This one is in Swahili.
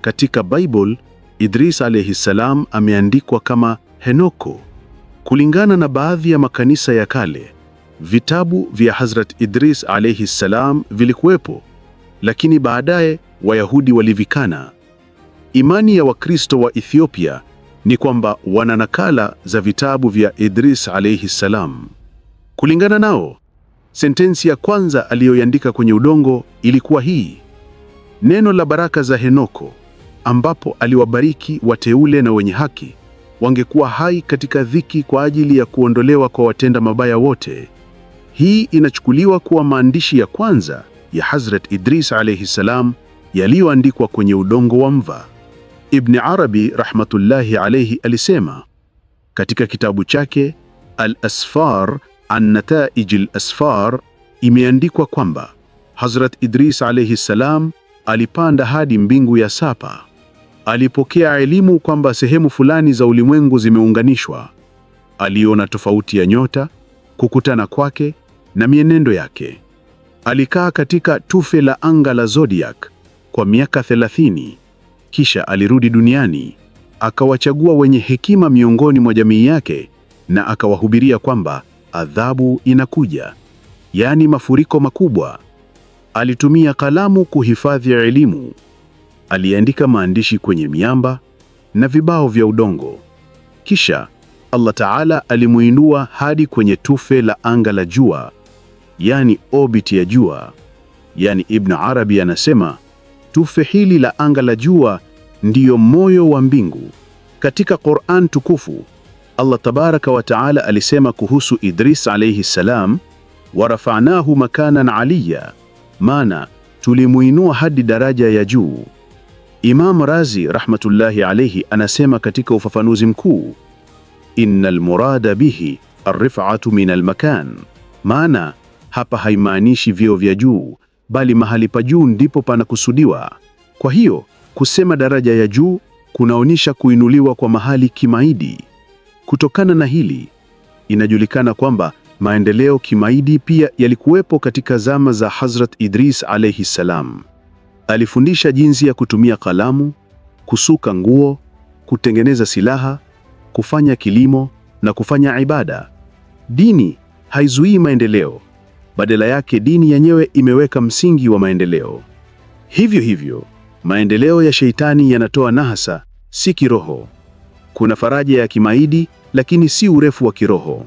Katika Bible, Idris alayhi salam ameandikwa kama Henoko. Kulingana na baadhi ya makanisa ya kale, vitabu vya Hazrat Idris alayhi salam vilikuwepo, lakini baadaye Wayahudi walivikana. Imani ya Wakristo wa Ethiopia ni kwamba wana nakala za vitabu vya Idris alayhi salam. Kulingana nao, sentensi ya kwanza aliyoiandika kwenye udongo ilikuwa hii: Neno la baraka za Henoko ambapo aliwabariki wateule na wenye haki wangekuwa hai katika dhiki kwa ajili ya kuondolewa kwa watenda mabaya wote. Hii inachukuliwa kuwa maandishi ya kwanza ya Hazrat Idris alayhi salam yaliyoandikwa kwenye udongo wa mva. Ibn Arabi rahmatullahi alayhi alisema katika kitabu chake Al-Asfar an Nataij al-Asfar, imeandikwa kwamba Hazrat Idris alayhi salam alipanda hadi mbingu ya sapa. Alipokea elimu kwamba sehemu fulani za ulimwengu zimeunganishwa. Aliona tofauti ya nyota, kukutana kwake na mienendo yake. Alikaa katika tufe la anga la zodiac kwa miaka 30, kisha alirudi duniani, akawachagua wenye hekima miongoni mwa jamii yake na akawahubiria kwamba adhabu inakuja, yaani mafuriko makubwa. Alitumia kalamu kuhifadhi elimu aliyeandika maandishi kwenye miamba na vibao vya udongo. Kisha Allah Taala alimuinua hadi kwenye tufe la anga la jua, yani orbit ya jua. Yani Ibn Arabi anasema tufe hili la anga la jua ndiyo moyo wa mbingu. Katika Qur'an tukufu Allah tabaraka wa taala alisema kuhusu Idris alayhi salam, wa rafanahu makanan aliya, maana tulimuinua hadi daraja ya juu. Imam Razi rahmatullahi alayhi anasema katika ufafanuzi mkuu, innal murada bihi arrifatu min almakan, maana hapa haimaanishi vyeo vya juu, bali mahali pa juu ndipo panakusudiwa. Kwa hiyo kusema daraja ya juu kunaonyesha kuinuliwa kwa mahali kimaidi. Kutokana na hili, inajulikana kwamba maendeleo kimaidi pia yalikuwepo katika zama za Hazrat Idris alayhi salam. Alifundisha jinsi ya kutumia kalamu, kusuka nguo, kutengeneza silaha, kufanya kilimo na kufanya ibada. Dini haizuii maendeleo, badala yake dini yenyewe imeweka msingi wa maendeleo. Hivyo hivyo, maendeleo ya sheitani yanatoa nahasa, si kiroho. Kuna faraja ya kimaidi, lakini si urefu wa kiroho.